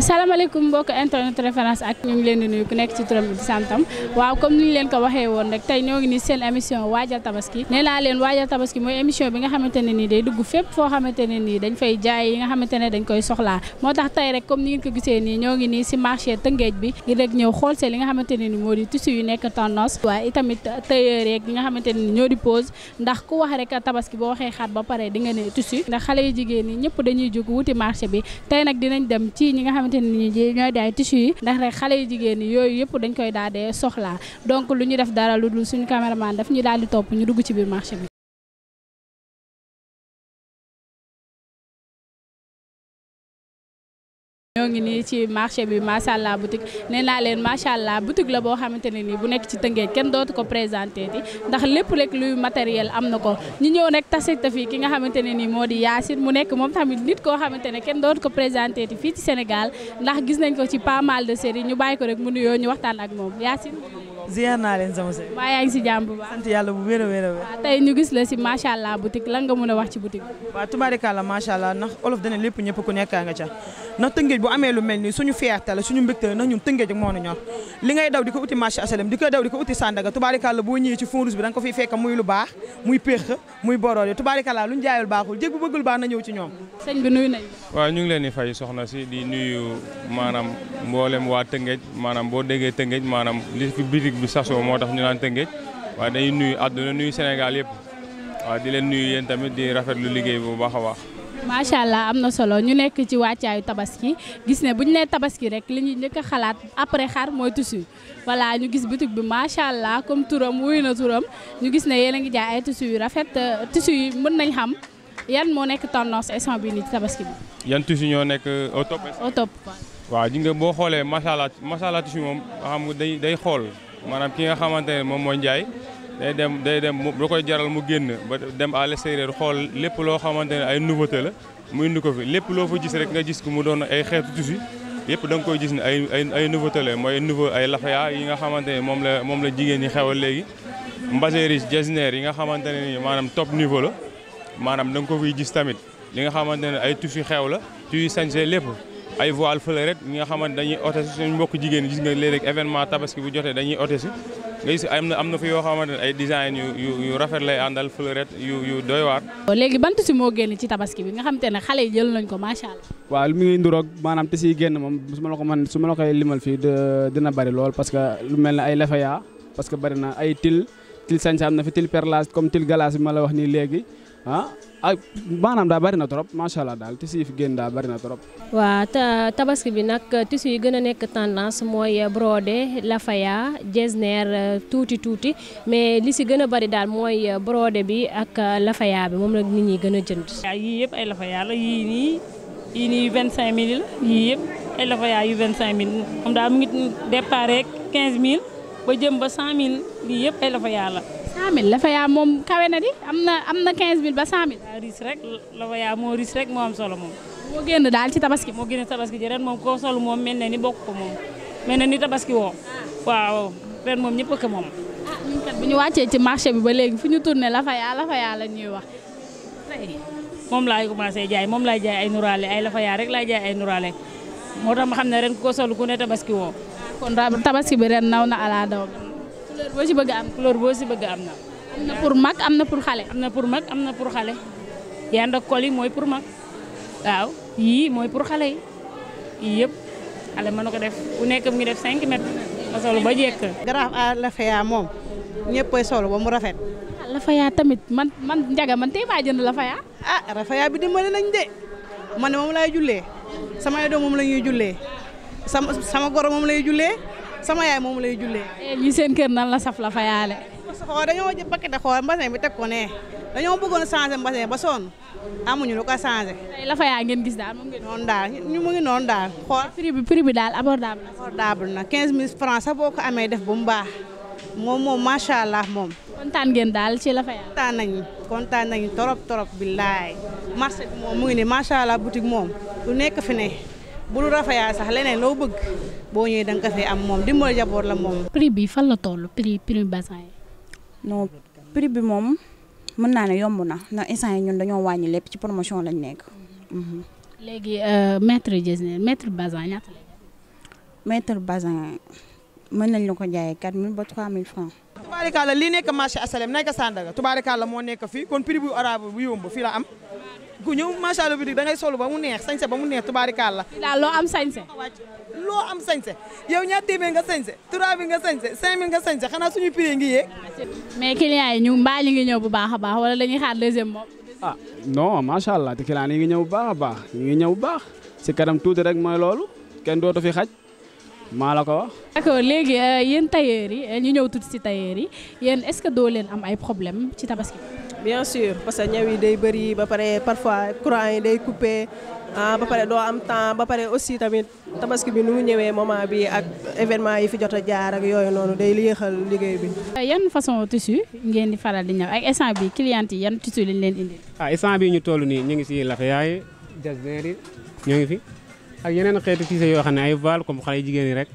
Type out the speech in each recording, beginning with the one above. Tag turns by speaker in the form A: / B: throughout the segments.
A: asalaamaaleykum mbokk internet référence ak ñu ngi leen di nuyu ku nekk ci turam bi santam waaw comme ni leen ko waxee woon rek tey ñoo ngi ni seen émission waajal tabaski nee naa leen waajal mooy émission bi nga xamante ne nii day dugg fépp foo ne nii dañ fay jaay yi nga xamante ne dañ koy soxlaa moo tax tey rek comme ni ko gisee nii ñoo ngi ni si marché Tëngéej bi ngir rek ñëw xool see li nga xamante ne nii moo di tissu yu nekk tendance waaye itamit tailleur yeeg yi nga xamante ni ñoo di pose ndax ku wax rek tabaski boo waxee xaat ba pare di nga ne tissu ndax xale yi jigéen ñi ñëpp dañuy jóg wuti marché bi tey nag dinañ dem ci ñi nga xam xamante ni ñooy daay tissu yi ndax rek xale yi jigéen yooyu yëpp dañ koy daa dee soxlaa donc lu ñu def dara lu dul suñu caméraman daf ñu daal di topp ñu dugg ci biir marché bi ñoo ngi nii ci marché bi macha allah boutique nee naa leen macha allah boutique la boo xamante ne nii bu nekk ci Tëngéej kenn dootu ko présenté ti ndax lépp rek luy matériel am na ko ñu ñëw nag tasit fi ki nga xamante ne nii moo di Yacine mu nekk moom tamit nit koo xamante ne kenn dootu ko présenté ti fii ci Sénégal ndax gis nañ ko ci pas mal de série ñu bàyyi ko rek mu nuyoo ñu waxtaan ak moom Yacine. ziar naa leen sama sëy. waaw yaa ngi si jàmm bu baax sant yàlla bu wér a wér a ñu gis la si macha allah boutique lan nga mën a
B: wax ci boutique bi. waaw tubaarikàlla macha allah ndax olof dana lépp ñëpp ku nekkaa nga ca ndax tëngeej bu amee lu mel nii suñu fierté la suñu mbégte la ndax ñun moo ñu ñor li ngay daw di ko uti marché asalem di ko daw di ko uti Sandaga tubaarikàlla boo ñëwee ci fond rouge bi da nga ko fiy fekk muy lu baax muy péex muy boroode tubaarikàlla lu ñoom. sëñ
C: leen di fay soxna si di nuyu maanaam mboolem waa tëngeej maanaam boo déggee tëngeej maanaam li fi bi sasoo moo tax ñu naan Tëngéej waaye dañuy nuyu àdduna nuyu Sénégal yëpp waaw di leen nuyu yéen tamit di lu liggéey bu baax a baax.
A: macha allah am na solo ñu nekk ci wàccaayu tabaski gis ne bu ñu nee tabaski rek li ñuy njëkk a xalaat après xar mooy tissu voilà ñu gis boutique bi macha allah comme turam wuyu na turam ñu gis ne yéen a ngi jaay ay tissu yu rafet tissu yi mën nañ xam yan moo nekk tendance instant bii nii ci tabaski bi.
C: yan tissu ñoo nekk euh, au waaw ji nga boo xoolee macha allah moom xam day xool. maanaam ki nga xamante ne moom moo njaay day dem day dem mu lu koy jaral mu génn ba dem à l'extérieur xool lépp loo xamante ne ay nouveauté la mu indi ko fi lépp loo fa gis rek nga gis ko mu doon ay xeetu tusi yëpp danga koy gis ne ay ay ay mooy niveau ay lafaya yi nga xamante ne moom la moom la jigéen ñi xewal léegi mbaséris jasneer yi nga xamante ne maanaam top niveau la maanaam da nga ko fiy gis tamit li nga xamante ne ay tusi xew la tu sañse lépp ay voile fële rek ñi nga xamante dañuy oote si suñu jigéen gis nga léeg-léeg événement tabaski bu jotee dañuy oote nga gis am na am na fi yoo xamante ne ay design yu yu rafet lay àndal fële rek yu yu doy waar.
A: léegi ban si moo génne ci tabaski bi nga xam te ne xale yi jël nañ ko macha allah.
D: waaw li mu maanaam tissu yi génn moom su ma la ko man su ma la koy limal fii dina bari lool parce que lu mel ne ay lafaya parce que bari na ay til til sañsa am na fi til perlage comme til galas ma la wax nii léegi ah ak maanaam daa bari na trop macha allah daal tissu yi fi génn daa bari na trop.
A: waa tabaski bi nag tissu yi gën a nekk tendance mooy brodé lafaya jesner euh, tuuti tuuti mais li si gën a bari daal mooy brodé bi ak euh, lafaya bi moom nag nit ñi gën a jënd. yii yëpp ay lafaya la yii nii yii nii 25000 la yii yëpp
E: ay lafaya yu 25000 moom daal mu ngi déparé 15000 ba jëm ba 100000 lii yëpp ay lafaya la.
A: 100000 Lafaya moom kawe na di am na am na 15000 ba 100000. daa
E: riis rek Lafaya moo riis rek moo am solo moom. moo génn daal ci tabaski. moo génn tabaski ji moom koo sol moom mel na ni bokk ko moom mel na ni tabaski woo. waaw ren moom ñëpp a moom. ah
A: bu ñu wàccee ci marché bi ba léegi fu ñu tourné Lafaya Lafaya la ñuy wax.
E: moom laay commencé jaay moom laay jaay ay nuraale ay Lafaya rek laay jaay ay nuraale moo tax ma xam ne ren koo sol ku ne tabaski woo. Ah,
A: kon tabaski bi ren naw na ala daw. couleur boo si bëgg am couleur boo si bëgg am na. pour mag am na pour xale. am na pour mag am na pour xale.
E: yàlla nag col yi mooy pour mag waaw yii mooy pour xale yi yii yëpp xale mën na ko def bu nekk mu ngi def 5 mètres solo ba jekk.
A: Graaf à Lafaya moom ñëppay solo ba mu rafet. Lafaya tamit man man njaga man tey maa jënd Lafaya. ah Lafaya bi dimbali nañ de ne moom laay jullee samay doom moom la ñuy jullee
B: sama sama goro moom lay jullee. sama yaay moom la jullee. Eh,
A: lii seen kër nan la saf
B: la fa yaale. xool dañoo jël paquet xool bi teg ko ne dañoo bëggoon changé mbasin ba sonn
A: amuñu lu ko changé. tey la fa yaa ngeen gis daal moom ngeen. ñu mu ngi noon daal. xool prix bi prix bi daal abordable na. abordable na 15000 francs sax boo ko amee def bu mu baax moom moom macha allah moom. kontaan ngeen daal ci la fa yaa. kontaan nañ kontaan nañu torop torop billaay marché moom mu ngi ne macha allah boutique moom lu nekk fi ne bu
B: sax leneen loo bëgg. boo ñëwee da nga ko fee am moom dimbal jaboot la moom.
A: prix bi fan la toll prix prix
F: basin yi. no pris bi moom mën naa ne yomb na ndax instant yi ñun dañoo wàññi lépp ci promotion lañ nekk. Mhm.
A: léegi euh, mètre jésne mètre basin ñaata la. mètre basin man nañ la ko jaayee 4000 ba 3000 francs.
B: tubaarikàlla lii nekk marché asalem nekk Sandaga tubaarikàlla moo nekk fii kon prix bu arabe bu yomb fii la am. ku ñëw macha allah boutique da ngay solu ba mu neex sañse ba mu neex tubaarikàlla. daal loo am sañse. loo am sañse yow ñaat téeméer nga sañse 3000 nga sañse 5000 nga sañse xanaa suñu
A: prix ngi yéeg. mais clients yi ñu mbaa li ngi ñëw bu baax a baax wala dañuy xaar deuxième moom. ah
D: non macha allah te clients yi ngi ñëw bu baax a baax ñu ngi ñëw bu baax si kanam tuuti rek mooy loolu kenn dootu fi xaj. maa la ko wax.
A: d'accord léegi euh, yéen tailleur yi ñu ñëw tuuti si tailleur yi yéen est-ce que doo leen am ay problème ci tabaski. bien sûr parce que ñaw yi day bëri
B: ba pare parfois courant yi day coupé ah, ba pare doo am temps ba pare aussi tamit tabaski bi nu mu ñëwee moment bi ak événement yi fi jot a jaar ak yooyu noonu day yéexal liggéey bi.
A: yan façon tissu ngeen di faral di ñaw ak instant bi client yi yan tissu lañ leen indi. ah instant
D: bii ñu toll nii ñu ngi si lafayaay jasneer yi ñoo ngi fi ak yeneen xeetu tissu yoo xam ne ay vaal comme xale jigéen yi rek.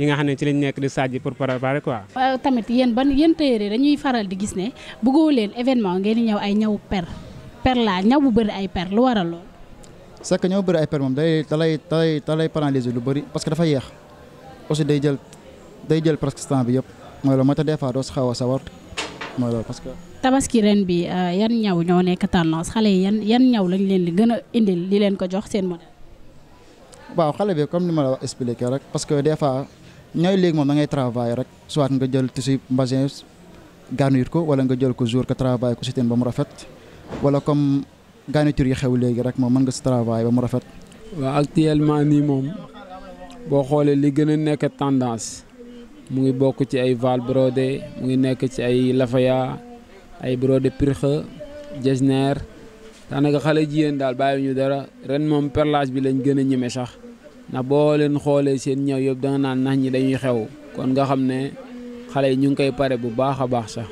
D: yi nga xam ne ci lañ nekk di sajj pour préparer quoi.
A: Euh, tamit yéen ban yéen tailleur dañuy faral di gis ne bëggoo leen événement ngeen di ñëw ay ñaw per per laa ñaw bu bëri ay per lu waral lool.
G: c'est que ñaw bu bëri ay per moom day dalay dalay dalay paralyser lu bëri parce que dafa yéex aussi day jël day jël presque temps bi yëpp mooy loolu moo tax des fois doo si xaw a sawar mooy loolu parce que.
A: tabaski ren bi euh, yan ñaw ñoo nekk tendance xale yi yan yan ñaw lañ leen di gën a indil li leen ko jox seen modèle.
G: waaw xale bi ni ma la ñooy léegi moom da ngay travail rek soit nga jël tissu mbasin garnir ko wala nga jël ko jour ko travail ko si teen ba mu rafet wala comme garniture yi xew léegi rek moom mën nga si travail ba mu rafet.
D: waaw actuellement nii moom boo xoolee li gën a nekk tendance mu ngi bokk ci ay val brodé mu ngi nekk ci ay lafaya ay brodé pirxe jesner daanaka xale jigéen daal bàyyi ñu dara ren moom perlage bi lañ gën a ñeme sax. ndax boo leen xoolee seen ñëw yëpp danga naan nax ñi dañuy xew kon nga xam ne xale yi ñu ngi koy pare bu baax a baax sax.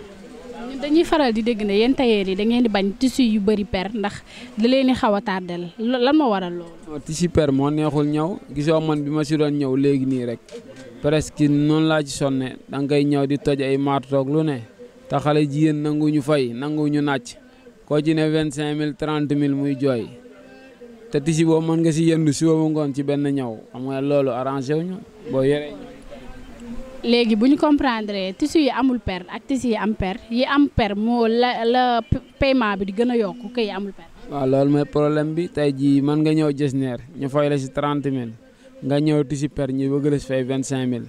A: dañuy faral di dégg ne yéen tailleur yi da ngeen di bañ tissu yu bëri per ndax da leen di xaw a tardel lan moo waral loolu.
D: tissu per moo neexul ñëw gisoo man bi ma si doon ñëw léegi nii rek presque noonu laa ci sonne da ngay ñëw di toj ay toog lu ne te xale jigéen nanguñu fay ñu nàcc koo ci ne vingt cinq mille trente mille muy jooy. te tisi boobu mën nga si yendu si ngoon ci benn ñaw xam nga loolu arrangé wu ñu boo yore.
A: léegi bu ñu comprendre tissu yi amul per ak tissu yi am per yi am per moo la la paiement bi di gën a yokk kay amul per.
D: waa loolu mooy problème bi tey jii mën nga ñëw jësneer ñu fay la si trente mille nga ñëw tissu per ñu bëgg la si fay vingt cinq mille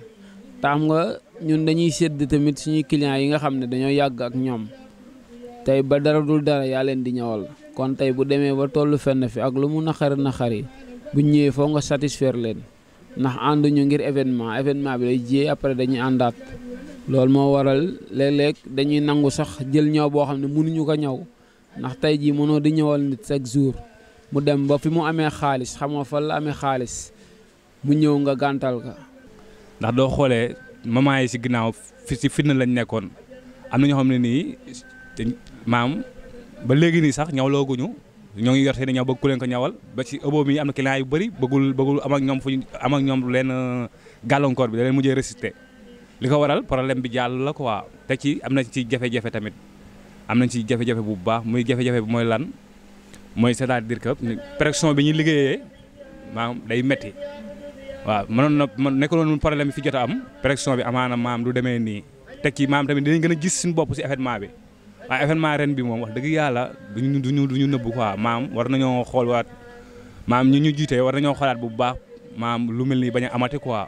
D: te xam nga ñun dañuy sédd tamit suñuy clients yi nga xam ne dañoo yàgg ak ñoom. tey ba dara dul dara yaa leen di ñëwal kon tey bu demee ba tollu fenn fi ak lu mu naxar naxari bu ñëwee foo nga satisfaire leen ndax ànduñu ngir événement événement bi lay jiyee après dañuy àndaat loolu moo waral léeg-léeg dañuy nangu sax jël ñaw boo xam ne mënuñu ko ñëw ndax tey jii mënoo di ñëwal nit chaque jour mu dem ba fi mu amee xaalis xam nga fan la amee xaalis mu
H: ñëw nga gàntal ka ndax doo xoolee maman yi si ginnaaw fi si fitna lañ nekkoon am maam ba léegi nii sax ñaw looguñu ñoo ngi yor seen ñaw bëgg ku leen ko ñawal ba ci ëbboo mi am na client yu bëri bëggul bëggul am ak ñoom fu ñu ak ñoom leen euh, gàllankoor bi da leen mujjee résister li ko waral problème bi jàll la quoi te ci am na ci jafe-jafe tamit am na ci jafe-jafe bu baax muy jafe-jafe bi mooy lan mooy c'est-à-dire que pression bi ñuy liggéeyee maam day metti waaw mënoon na man nekkuloon problème bi fi jot a am pression bi amaana maam du demee nii teg ci maam tamit dinañ gën a gis suñu bopp si événement bi. waaye événement ren bi moom wax dëgg yàlla ñu duñu duñu nëbb quoi maam war nañoo xoolwaat maam ñu ñu jiitee war nañoo xoolaat bu baax maam lu mel ni bañ a amati quoi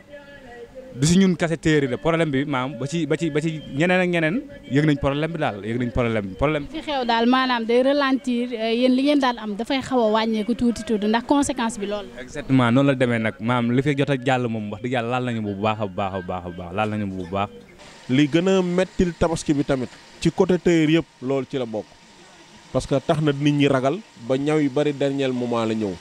H: du si ñun kase téere de problème bi maam ba ci ba ci ba ci ñeneen ak ñeneen yëg nañ problème bi daal yëg nañ problème bi problème
A: fi xew daal maanaam day ralentir euh, yéen li ngeen daan am dafay xaw a wàññeeku tuuti tuuti ndax conséquence bi lool.
H: exactement noonu la demee nag maam li fi jot
I: a jàll moom wax dëgg yàlla laal nañu bu baax a baax a baax a baax laal bu baax. a mettil tamit ci côté tailleur yëpp loolu ci la bokk parce que tax na nit ñi ragal ba ñaw yu bari dernier moment la ñëw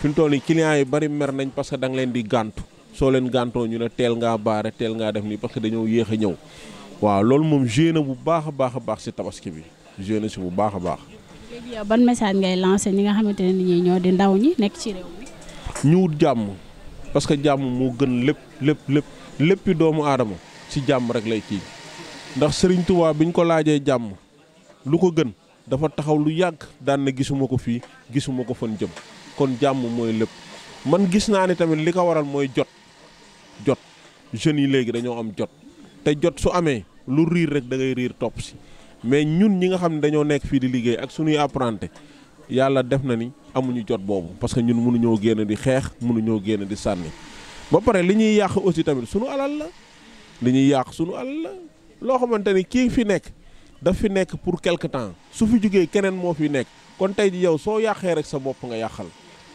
I: fi mu toll nii clients yi bari mer nañ parce que da nga leen di gàntu soo leen gàntoo ñu ne teel ngaa baare teel ngaa def nii parce que dañoo yéex a ñëw waaw loolu moom génn bu baax a baax a baax si tabaski bi génn si bu baax a baax.
A: léegi yow ban message ngay lancé ñi nga xamante ne nit ñi ñoo di ndaw ñi nekk ci réew
I: mi. ñu jàmm parce que jàmm moo gën lépp lépp lépp léppi doomu aadama si jàmm rek lay kii. ndax Serigne bi ñu ko laajee jàmm lu ko gën dafa taxaw lu yàgg daan na gisuma ko fii gisuma ko fan jëm kon jàmm mooy lépp man gis naa ni tamit li ko waral mooy jot jot jeunes yi léegi dañoo am jot te jot su amee lu riir rek dangay riir topp si mais ñun ñi nga xam ne dañoo nekk fii di liggéey ak suñuy apprenti yàlla def na ni amuñu jot boobu parce que ñun mënuñoo génn di xeex mënuñoo génn di sànni ba pare li ñuy yàq aussi tamit sunu alal la li ñuy yàq sunu alal loo xamante ni kii fi nekk daf fi nekk pour quelque temps su fi jugee keneen moo fi nekk kon tey ji yow soo yàqee rek sa bopp nga yàqal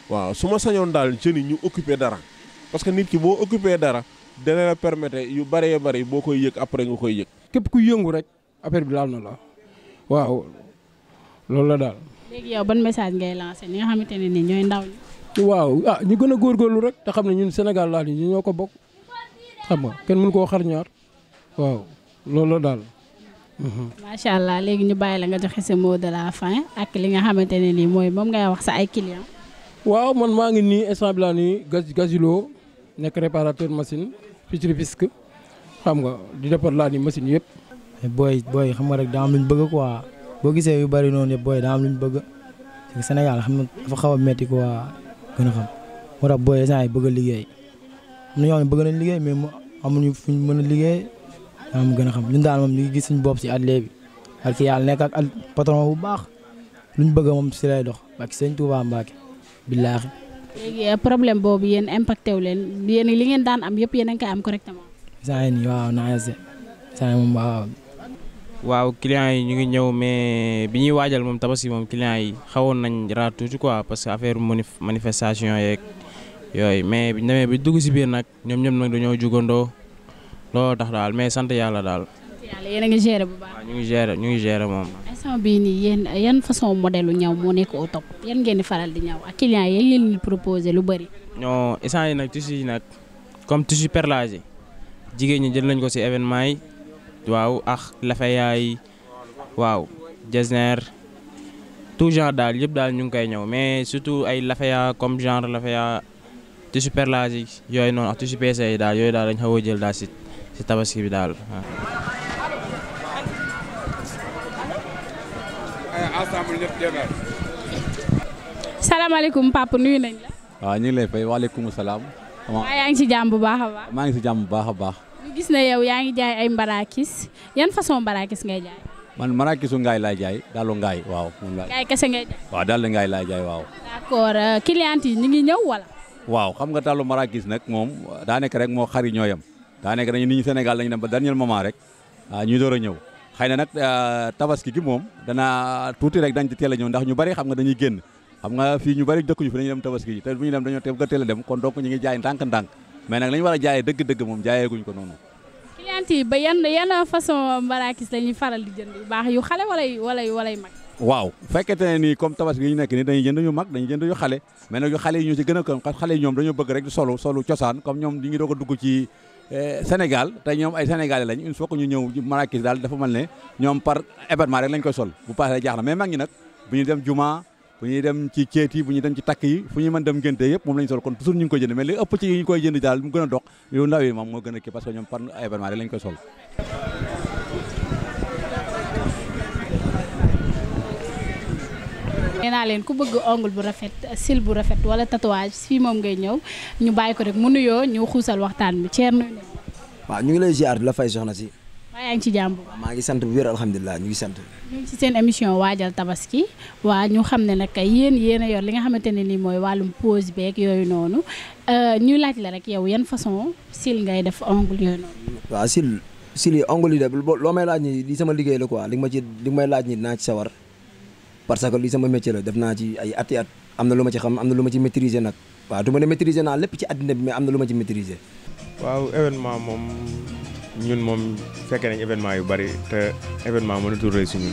I: waaw su ma sañoon daal jeunes yi ñu occuper dara parce que nit ki boo occuper dara dana la permettre yu bëree bëri boo koy yëg après nga koy yëg.
H: képp ku yëngu
D: rek affaire bi laal na la
I: waaw loolu la daal.
A: léegi ban message ngay lancé ñi nga xamante ne ni ñooy ndaw
D: waaw ah ñu gën a góorlu rek te xam ne ñun Sénégal laal yi ñoo ko bokk xam nga kenn mënu koo xar ñaar waaw. loolu daal.
A: macha allah léegi ñu bàyyi la nga joxe sa mot de la fin ak li nga xamante ne nii mooy moom ngay wax sa ay clients.
D: waaw man maa ngi nii instant bi laa nii gaz gazilo nekk réparateur machine Futurifisque xam nga di defar laa ni machine yëpp. booy booy xam nga rek daa am lu ñu bëgg quoi boo gisee yu bari noonu yëpp booy daa am lu ñu bëgg Sénégal xam nga dafa xaw a métti quoi gën a xam moo tax booy instant yi bëgg a liggéey am na ñoo xam ne yaa ma gën a xam ñun daal moom ñu ngi gis suñu bopp si atelier bi parce que yàlla nekk ak patron bu baax luñ bëgg moom si lay dox ak sëñ Touba Mbacke billaahi.
A: léegi eh, problème boobu yéen impacté leen yéen li ngeen daan am yëpp yéen a ngi am correctement.
D: saa yi nii waaw naa yas saa yi moom waaw.
J: waaw clients yi ñu ngi ñëw mais bi ñuy waajal moom tabaski moom clients yi xawoon nañ raat tuuti quoi parce que affaire manifestation yeeg yooyu mais bi ñu demee bi dugg si biir nag ñoom ñoom nag dañoo jugandoo. looloo tax daal mais sant yàlla daal.
A: sant yàlla bu baax. waaw
J: ñu ngi gérer ñu ngi gérer moom.
A: instant bii nii yéen yan façon modèle ñaw moo nekk au top yan ngeen di faral di ñaw ak client yi leen di proposé lu bëri.
J: ñoo instant yi nag tissu yi nag comme tissu perlage jigéen ñi jël nañ ko si événement yi waaw ax lafaya waaw waaw jesner tout genre daal yëpp daal ñu ngi koy ñëw mais surtout ay lafaya comme genre lafaya tissu perlage yi yooyu noonu ak tissu PC yi daal yooyu daal dañ xaw a jël daal ci tabaski bi daal
A: salaamaaleykum papa nuyu nañ la.
K: ñu ngi lay fay waaleykum salaam. waaw
A: yaa ngi ci jàmm bu baax a baax. maa
K: ngi ci jàmm bu baax a baax.
A: ñu gis na yow yaa ngi jaay ay mbarakis yan façon mbarakis ngay jaay.
K: man marakisu ngaay laay jaay daalu ngaay waaw. ngaay kese ngay jaay. waaw daalu ngaay laay jaay waaw.
A: d'accord euh, client yi ngi ñëw wala.
K: waaw xam nga daalu marakis nag moom daa nekk rek moo xari ñooyam. daanaka dañu nit ñi Sénégal dañu dem ba dernier moment rek ah, ñuy door a ñëw xay na nag ah, tabaski gi moom dana tuuti rek dañ ci teel a ñëw ndax ñu bari xam nga dañuy génn xam nga fii ñu bari dëkkuñu fi dañuy dem ñu dem dañoo teel teel a dem kon donc ñu jaay ndànk-ndànk mais nag a jaayee dëgg-dëgg moom jaayeeguñ ko noonu
A: client yi ba yan façon mbarakis lañuy faral di jënd yu baax yu xale wala wala walay mag
K: waaw fekkete ne nii comme tabaski yi ñu nekk nii dañuy jënd yu mag dañuy jënd yu xale mais nag yu xale yi ñoo gën a kon xale yi ñoom dañoo bëgg rek di solu solu cosaan comme ñoom ñi ngi doog dugg ci Eh, Sénégal te ñoom ay sénégalais lañ il faut que ñu ñëw Marrakech daal dafa mel ne ñoom par événement rek lañ koy sol bu paasee jaax na mais mag bu ñu dem juma bu ñuy dem ci ceet bu ñuy dem ci takk fu ñuy mën dem gënte yëpp moom lañ sol kon toujours ñu ngi koy jënd li ëpp ci ñu koy jënd daal mu gën a dox yu ndaw yi moom moo gën a kii parce que ñoom par événement rek lañ koy sol
A: nee leen ku bëgg ongle bu rafet sil bu rafet wala tatouage fii moom ngay ñëw ñu bàyyi ko rek mu nuyoo ñu xuusal waxtaan bi Thierno.
G: waaw ñu ngi lay ziar la si.
A: waaw yaa ngi ci jàmm. maa ngi
G: sant bu wér alhamdulilah ngi sant.
A: seen émission waajal tabaski waa ñu xam ne nag yéen yéen a yor li nga xamante ne nii mooy wàllum pose beeg yooyu noonu euh, ñu laaj la rek yow yan façon sil ngay def ongle yooyu noonu.
G: waaw sil sil yi ongle yi de loo may laaj nii li sama liggéey la ko li ma ci li may laaj nii naa ci sawar parce que li sama métier la def naa ci ay ati at am na lu ma ci xam am na lu ma ci maîtriser nag waaw du ma ne maîtriser naa lépp ci àddina bi mais am na lu ma ci maîtriser.
J: waaw événement moom ñun moom fekkee nañ événement yu bari te événement mënatul rëy suñu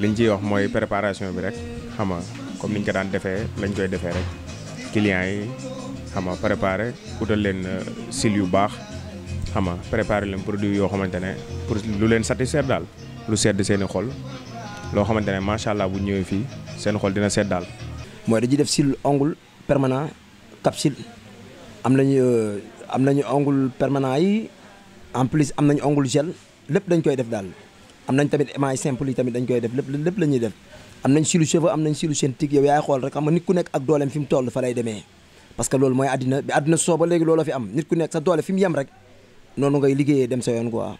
J: liñ ciy wax mooy préparation bi rek xam nga comme niñ ko daan defee lañ koy defee rek clients yi xam nga préparer utal leen sil euh, yu baax xam nga préparer leen produit yoo xamante ne pour lu leen satisfaire daal lu sedd seen i xol. loo xamante ne macha allah bu ñëwee fii seen xool dina seet
G: daal. mooy dañuy def cils ongle permanent capsule am nañu ñu euh, nañu ongle permanent yi en plus am nañu ongle gel lépp dañ koy def daal am nañ tamit émail simple yi tamit dañ koy def lépp lépp la ñuy def. am nañ silu cheveux am nañ silu seen tig yow yaay xool rek xam nit ku nekk ak dooleem fi mu toll fa lay demee parce que loolu mooy àddina bi àddina soo ba léegi loolu fi am nit ku nekk sa doole fi mu yem rek noonu ngay liggéeyee dem sa yoon quoi.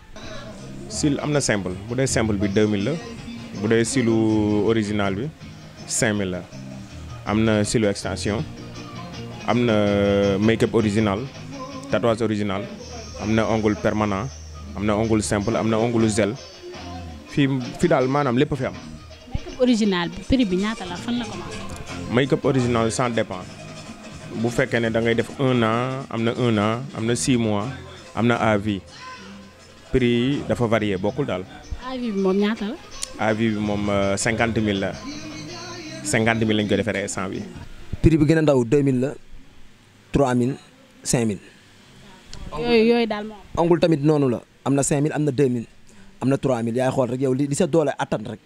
G: am na
J: simple bu dee simple bi 2000 la. bu dee silu original bi 5000 la am na silu extension am na make-up original tatouage original am na ongle permanent am na ongle simple am na ongle gel fii fi daal maanaam lépp fi am.
A: make-up original bi prix bi ñaata la fan la commencé.
J: make original sans dépend bu fekkee ne da ngay def un an am na un an am na six mois am na à vie prix dafa varié bokkul daal.
A: à bi moom ñaata la.
J: avis bi moom euh, cinquante mille la cinquante mille
G: lañ koy deferee cent bi. prix bi gën a ndaw deux mille la trois mille cinq mille.
A: yooyu daal moom.
G: ongul tamit noonu la am na cinq mille am na deux mille am na trois mille yaay xool rek yow li sa doole attan rek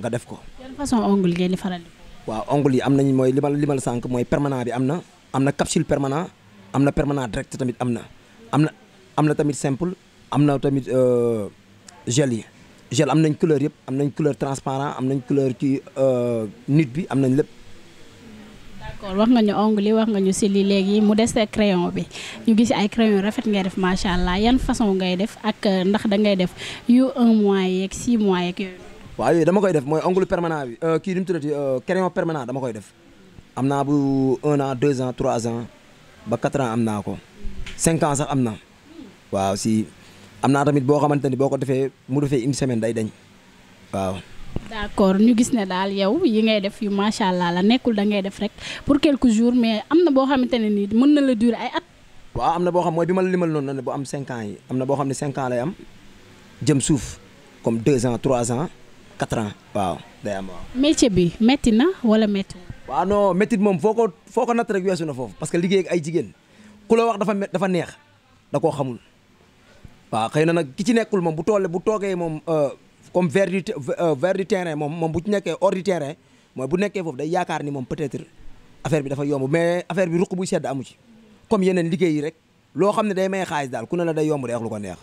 G: nga def ko.
A: yan façon ongul ngeen di faral di.
G: waaw ongul yi am nañu mooy li limal li sànq mooy permanent bi am na am na capsule permanent am na permanent direct tamit am na am na am na tamit simple am na tamit euh, gel yi. gel am nañ couleur yëpp am nañ couleur transparent am nañ couleur ci euh, nit bi am nañ lépp.
A: d'accord wax nga ñu ongles wax nga ñu si li léegi mu des crayon bi ñu gis ay crayon rafet ngay def macha allah yan façon ngay def ak euh, ndax da ngay def yu un mois yeeg six mois yeeg yooyu.
G: waaw dama koy def mooy ongle permanent bi euh, kii li mu tuddati crayon permanent dama koy def am naa bu un an deux ans trois ans ba quatre am naa ko cinq ans sax am na waaw si. am naa tamit boo xamante ni boo ko defee mu defee une semaine day dañ waaw.
A: d'accord ñu gis ne daal yow yi ngay def yu macha allah la nekkul da ngay def rek pour quelques jours mais am na boo xamante ne nii mën na la durer ay at.
G: waaw am na boo xam mooy bi ma la limal noonu ne bu am 5 ans yi am na boo xam ne 5 ans lay am jëm suuf comme 2 ans trois ans 4 ans waaw day am waaw.
A: métier bi métti na wala méttiwul.
G: waaw non métti moom foo ko foo ko natt rek weesu na foofu parce que liggéey ay jigéen ku la wax dafa dafa neex da koo xamul. waaw xëy na nag ki ci nekkul moom bu toolee bu toogee moom euh, comme vers du euh, vers du moom moom bu ci nekkee hors mooy bu nekkee foofu day yaakaar ni moom peut-être affaire bi dafa yomb mais affaire bi ruq buy sedd amu ci comme yeneen liggéey yi rek loo xam ne day may xaalis daal ku ne la day yomb reex lu ko neex.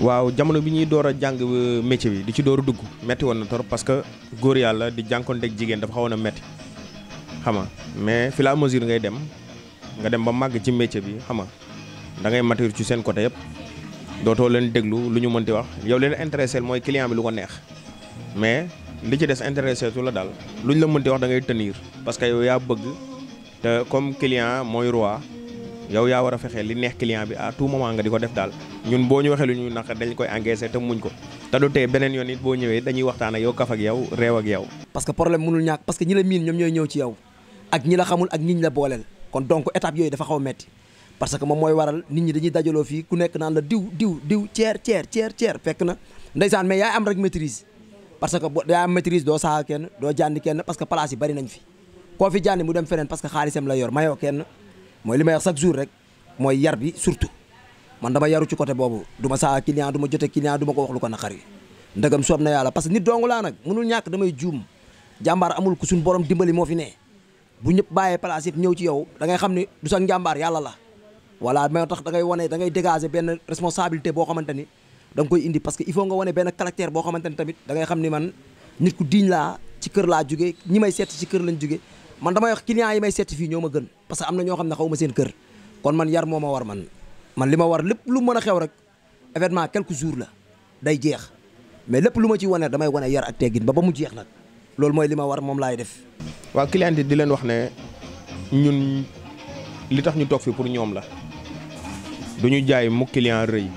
J: waaw jamono bi ñuy door a jàng euh, métier bi di ci door a dugg métti woon na trop parce que góor yàlla di jànkoonteeg jigéen dafa xawoon a métti xam nga mais fi la mesure ngay dem nga dem ba màgg ci métier bi xam nga da ngay mature seen côté yëpp. dootoo leen déglu lu ñu mënti wax yow leen intéressé mooy client bi lu ko neex mais li ci des intéressé la daal lu ñu la mënti wax da ngay tenir parce que yow yaa bëgg te comme client mooy roi yow yaa war a fexe li neex client bi à tout moment nga di ko def daal ñun boo ñu waxee lu ñu naq dañ koy encaissé te muñ ko te du tee beneen yoon it boo ñëwee dañuy waxtaan ak yow kaf ak yow réew ak yow.
G: parce que problème mënul ñàkk parce que ñi la miin ñoom ñooy ñëw ci yow ak la xamul ak ñi ñu la booleel kon donc étape yooyu dafa xaw a parce que moom mooy waral nit ñi dañuy dajaloo fii ku nekk naan la diw diw diw ceer ceer ceer ceer fekk na ndeysaan mais yaay am rek maîtrise parce que yaa am maîtrise doo saaxa kenn doo jànni kenn parce que place yi bari nañ fi koo fi jànni mu dem feneen parce que xaalisam la yor mayoo kenn mooy li may wax chaque jour rek mooy yar bi surtout man dama yaru ci côté boobu du ma saaxa client du ma jote client du ma ko wax lu ko naqari ndëgam soob na yàlla parce que nit dong laa nag mënul ñàkk damay juum jàmbaar amul ku suñ borom dimbali moo fi ne bu ñëpp bàyyee place ñëw ci yow da ngay xam ni du sax njàmbaar yàlla la voilà mais tax dangay wone dangay da ngay dégager benn responsabilité boo xamante ni da koy indi parce que il faut nga wane benn caractère boo xamante ni tamit da ngay xam ni man nit ku diñ laa ci kër laa jóge ñi may seet ci kër lañ jóge man damay wax clients yi may seet ñoo ma gën parce que am na ñoo ne xaw ma seen kër kon man yar moo ma war man man li ma war lépp lu mën a xew rek événement quelques jours la day jeex mais lépp lu ma ci wane damay wane yar ak teggin ba ba jeex nag loolu mooy li ma war moom laay def. waaw client yi di leen wax ne ñun li tax ñu toog fii pour ñoom la.
J: du ñu jaay mu client rëy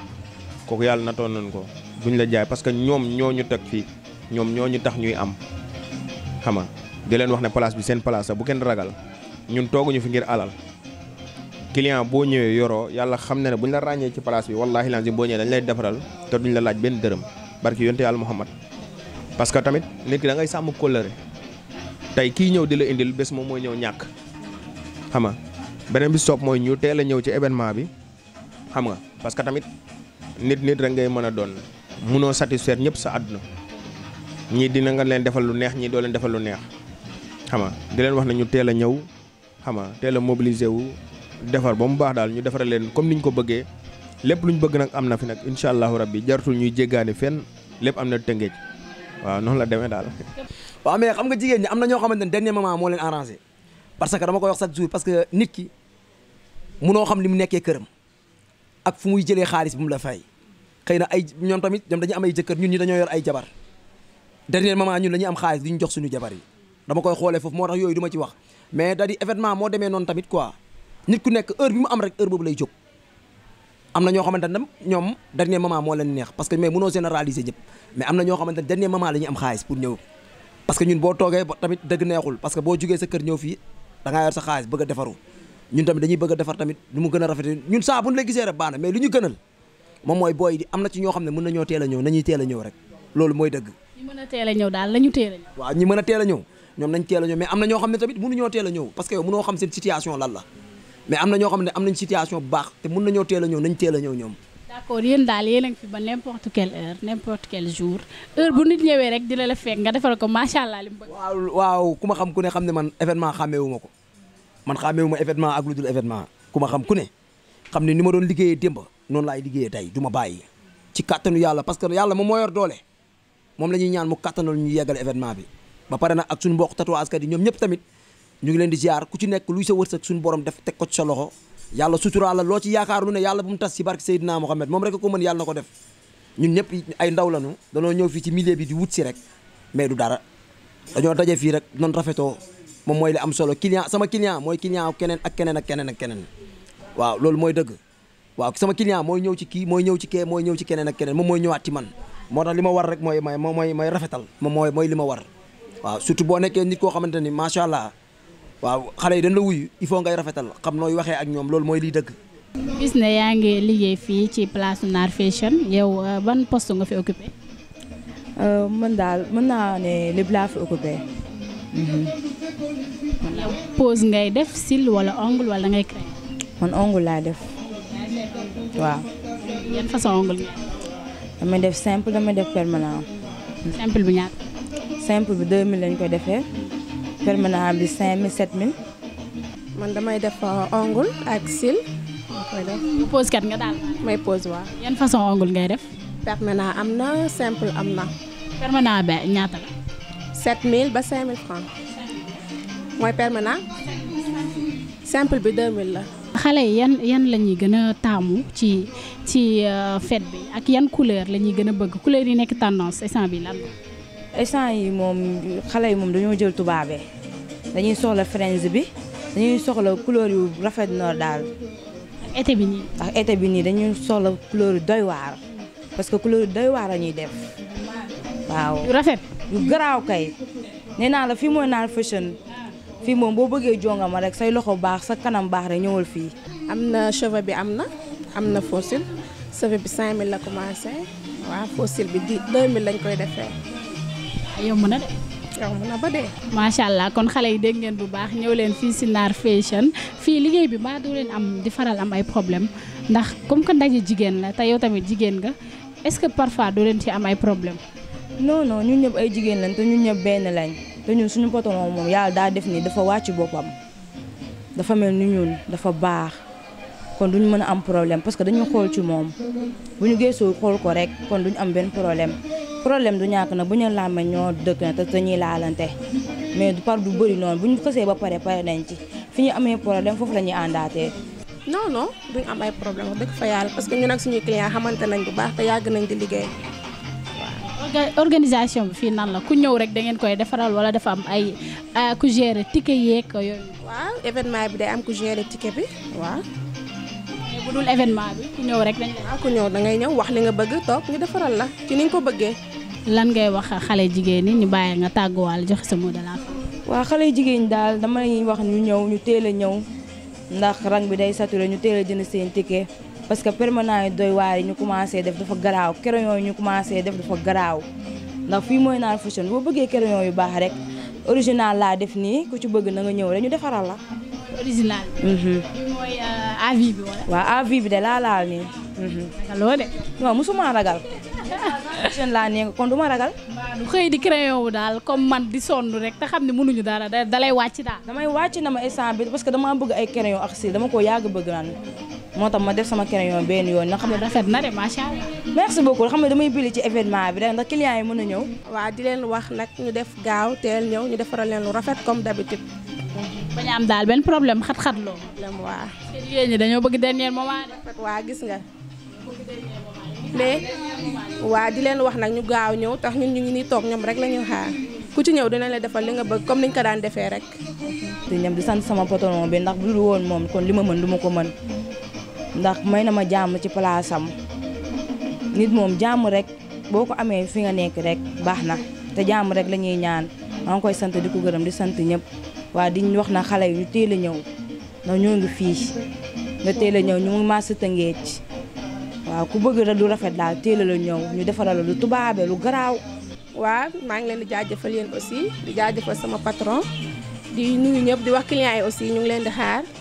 J: kooku yàlla natoon nañ ko duñ la jaay parce que ñoom ñoo ñu teg fii ñoom ñoo ñu tax ñuy am xam nga di leen wax ne place bi seen place la bu kenn ragal ñun tooguñu fi ngir alal client boo ñëwee yoroo yàlla xam na ne buñ la ràññee ci place bi wallaahi lazim boo ñëwee dañ lay defaral te duñ la laaj benn dërëm barki yonte yàlla Muhammad parce que tamit nit ki da ngay sàmm kóllëre tey kii ñëw di la indil bés moom mooy ñëw ñàkk xam nga beneen bi sopp mooy ñu teel a ñëw ci événement bi. xam nga parce que tamit nit nit rek ngay mën a doon munoo satisfaire ñëpp sa àdduna ñii dina nga leen defal lu neex ñii doo leen defal lu neex xam nga di leen wax ne ñu teel a ñëw xam nga teel a mobiliser wu defar ba mu baax ñu defaral leen comme ni ñu ko bëggee lépp lu ñu bëgg nag am na fi nag incha allahu rabbi jaratul ñuy jéggaani fen lépp am na
G: tëngeej waaw noonu la demee daal. waaw mais xam nga jigéen ñi am na ñoo xamante ne dernier moment moo leen arrangé parce que dama koy wax chaque jour parce que nit ki munoo xam li mu nekkee këram. ak fu muy jëlee xaalis bu mu la fay xëy na ay ñoom tamit ñoom dañu am ay jëkkër ñun ñi dañoo yor ay jabar dernier moment ñun dañuy am xaalis duñu jox suñu jabar yi dama koy xoolee foofu moo tax yooyu du ma ci wax mais da di événement moo demee tamit quoi nit ku nekk heure bi mu am rek boobu lay jóg am na ñoo xamante ne ñoom dernier moment moo leen neex parce que mais mënoo généraliser ñëpp mais am na ñoo xamante ne dernier moment la am xaalis pour ñëw parce que ñun boo toogee tamit dëgg neexul parce que boo jugee sa kër ñëw fii da yor sa xaalis bëgg defaru ñun tamit dañuy bëgg a defar tamit lu mu gën rafet rafetee ñun saa bu ñu la gisee rek baax na mais lu ñu gënal moom mooy booy di am na ci ñoo xam ne mën nañoo teel a ñëw nañuy teel a ñëw rek loolu mooy
A: ñëw daal la ñu teel a
G: ñëw. mën teel a ñëw ñoom nañ teel a ñëw mais am na ñoo xam ne tamit mënuñoo teel a ñëw parce que yow mënoo xam seen situation lan la mais am na ñoo xam ne am nañ situation bu baax te mën nañoo teel a ñëw nañ teel a ñëw ñoom
A: d'accord yéen daal yéen fi ba n'importe quelle heure n'importe quel jour heure bu nit ñëwee rek dina la fekk nga defal ko macha allah li mu
G: bëgg. xam ku ne xam ne man événement xàmmeewu ko man xàmmeewu ma événement ak lu dul événement ku ma xam ku ne xam ne ni ma doon liggéeyee démb noonu laay liggéeyee tey du ma bàyyi ci kàttanu yàlla parce que yàlla moom moo yor doole moom la ñuy ñaan mu kàttanal ñu yeggal événement bi ba pare nag ak suñu mbokk tatouage kat yi ñoom ñëpp tamit ñu ngi leen di ziar ku ci nekk luy sa wërsëg suñu borom def teg ko ci sa loxo yàlla suturaa la loo ci yaakaar lu ne yàlla bu mu tas ci barke Seydina Mohamed moom moo ko mën yàlla na ñëpp ay ndaw lañu danoo ñëw fii ci milieu bi di wut si rek mais du dara dañoo daje fii rek noonu rafetoo moom mooy li am solo client sama client mooy client keneen ak keneen ak keneen ak keneen waaw loolu mooy dëgg waaw sama client mooy ñëw ci kii mooy ñëw ci kee mooy ñëw keneen ak keneen moom mooy ñëwaat ci man moo tax li ma war rek mooy mooy mooy mooy rafetal moom mooy mooy li ma war waaw surtout boo nekkee nit koo xamante ni macha allah waaw xale yi dañ la wuyu il faut ngay rafetal xam nooy waxee ak ñoom loolu mooy liy dëgg.
A: gis na yaa ngi liggéey fii ci place Nar Fashion yow euh, ban poste nga fi occupé.
F: Euh, man daal mën naa ne lépp laa fi
A: voilà
F: pose ngay def cils wala ongle wala ngay créer. man ongle laa def waaw. yan façon ongle damay def simple damay def permanent. simple bi ñaata. simple bi 2000 lañ koy defee. permanent bi 5000 7000.
B: man damay def euh, ongle ak cils. koy def pose kat nga daal. may pose waaw. yan
A: façon ongle ngay def.
B: permanent am na simple am na.
A: permanent ba ñaata la. 7000 ba 5000 francs mooy permanent simple bi 2000 la. xale yi yan yan la ñuy gën a taamu ci ci euh, fête bi ak yan couleur la ñuy gën a bëgg couleur yi nekk tendance instant
F: bi lan la. instant yi moom xale yi moom dañoo jël tubaabee dañuy soxla fringe bi dañuy soxla couleur yu rafet noor daal. ak été bi nii. ak été bi nii dañuy soxla couleur yu doy waar parce que couleur yu doy waar la ñuy def waaw. rafet. lu garaaw kay nee naa la fii mooy naar fashion fii moom boo bëggee jongama rek say loxo baax sa kanam baax rek ñëwal fii. am na cheveux bi am na am na fossile cheveux bi 5000 la commencé waaw fossile bi 2000 lañ koy
A: defee. yomb na de. yomb na ba de macha allah kon xale yi dégg ngeen bu baax ñëw leen fii si naar fashion fii liggéey bi maa doo leen am di faral am ay problème ndax comme que ndaje jigéen la te yow tamit jigéen nga est-ce que parfois doo leen ci am ay problème
F: non non ñun ñëpp ay jigéen lañ te ñun ñëpp benn lañ te ñun suñu patron moom moom yàlla daa def ni dafa wàcc boppam dafa mel ni ñun dafa baax kon duñ mën a am problème parce que dañu xool ci moom bu ñu geesoo xool ko rek kon duñ am benn problème problème du ñàkk na bu ñu làmmee ñoo dëkk na te dañuy laalante mais du par du bëri noonu bu ñu xësee ba pare pare nañ ci fi ñu amee problème foofu la ñuy àndaatee. non non duñ am ay problème wax fa yàlla parce que ñun ak suñuy client xamante nañ bu baax te yàgg nañ di liggéey.
A: organisation bi fii nan la ku ñëw rek da ngeen koy defaral wala dafa am ay ku gérer ticket yeeg yooyu. waaw événement bi day am ku gérer ticket bi waaw. bu dul événement
B: bi ku ñëw rek dañ ñëw da ngay ñëw wax li nga bëgg toog ñu defaral la ci niñ ko bëggee.
A: lan
F: ngay wax xale jigéen ñi ñu bàyyi nga tàgguwaal joxe sa mot de la fin. xale jigéen ñi daal dama leen wax ñu ñëw ñu teel a ñëw ndax ran bi day saturé ñu teel a jënd seen ticket. parce que permanent yi doy waar yi ñu commencé def dafa garaaw crayon yi ñu commencé def dafa garaaw ndax fii mooy naan fashion boo bëggee crayon yu baax rek original laa def nii ku ci bëgg nanga ñëw rek ñu defaral la. original. Mhm.
A: mooy avis euh,
F: bi wala. de laa laal nii. Mhm. ragaloo de. non mosuma ragal. jeune laa nee kon du ma ragal. du xëy di crayon wu daal comme man di sonn rek te xam ne mënuñu dara da dalay wàcc daal. damay wàcc na ma instant bi parce que damaa bëgg ay crayon ak si dama ko yàgg bëgg naan moo tax ma def sama crayon benn yoon na xam ne rafet na de macha allah. merci beaucoup xam ne damay bili ci événement bi rek ndax clients yi mën a ñëw. waaw di leen wax nag ñu def gaaw teel ñëw ñu defaral leen lu rafet comme d'habitude.
A: bañ am daal benn problème xat loo.
B: problème waaw. yéen ñi dañoo bëgg dernier
A: moment de. waa
B: gis nga. mais waa di leen wax nag ñu gaaw ñëw tax ñun ñu ngi nii toog ñoom rek la ñuy xaar ku ci ñëw dina la defal li nga bëgg comme ni niñ ko daan defee rek.
F: te ñoom di sant sama patron bi ndax bu dul woon moom kon li ma mën lu ma ko mën. ndax may na ma jàmm ci palaasam nit moom jàmm rek boo ko amee fi nga nekk rek baax na te jàmm rek lañuy ñaan maa ngi koy sant di ko gërëm di sant ñëpp waa di wax na xale yu teel a ñëw ndax ñoo ngi fii nga teel a ñëw ñu ngi marché Tëngéej waaw ku bëgg rek lu rafet daal teel a la ñëw ñu defaral lu tubaabe lu garaaw. waaw maa ngi leen di jaajëfal yéen aussi di jaajëfal sama patron di nuyu ñëpp
B: di wax client yi aussi ñu ngi leen di xaar.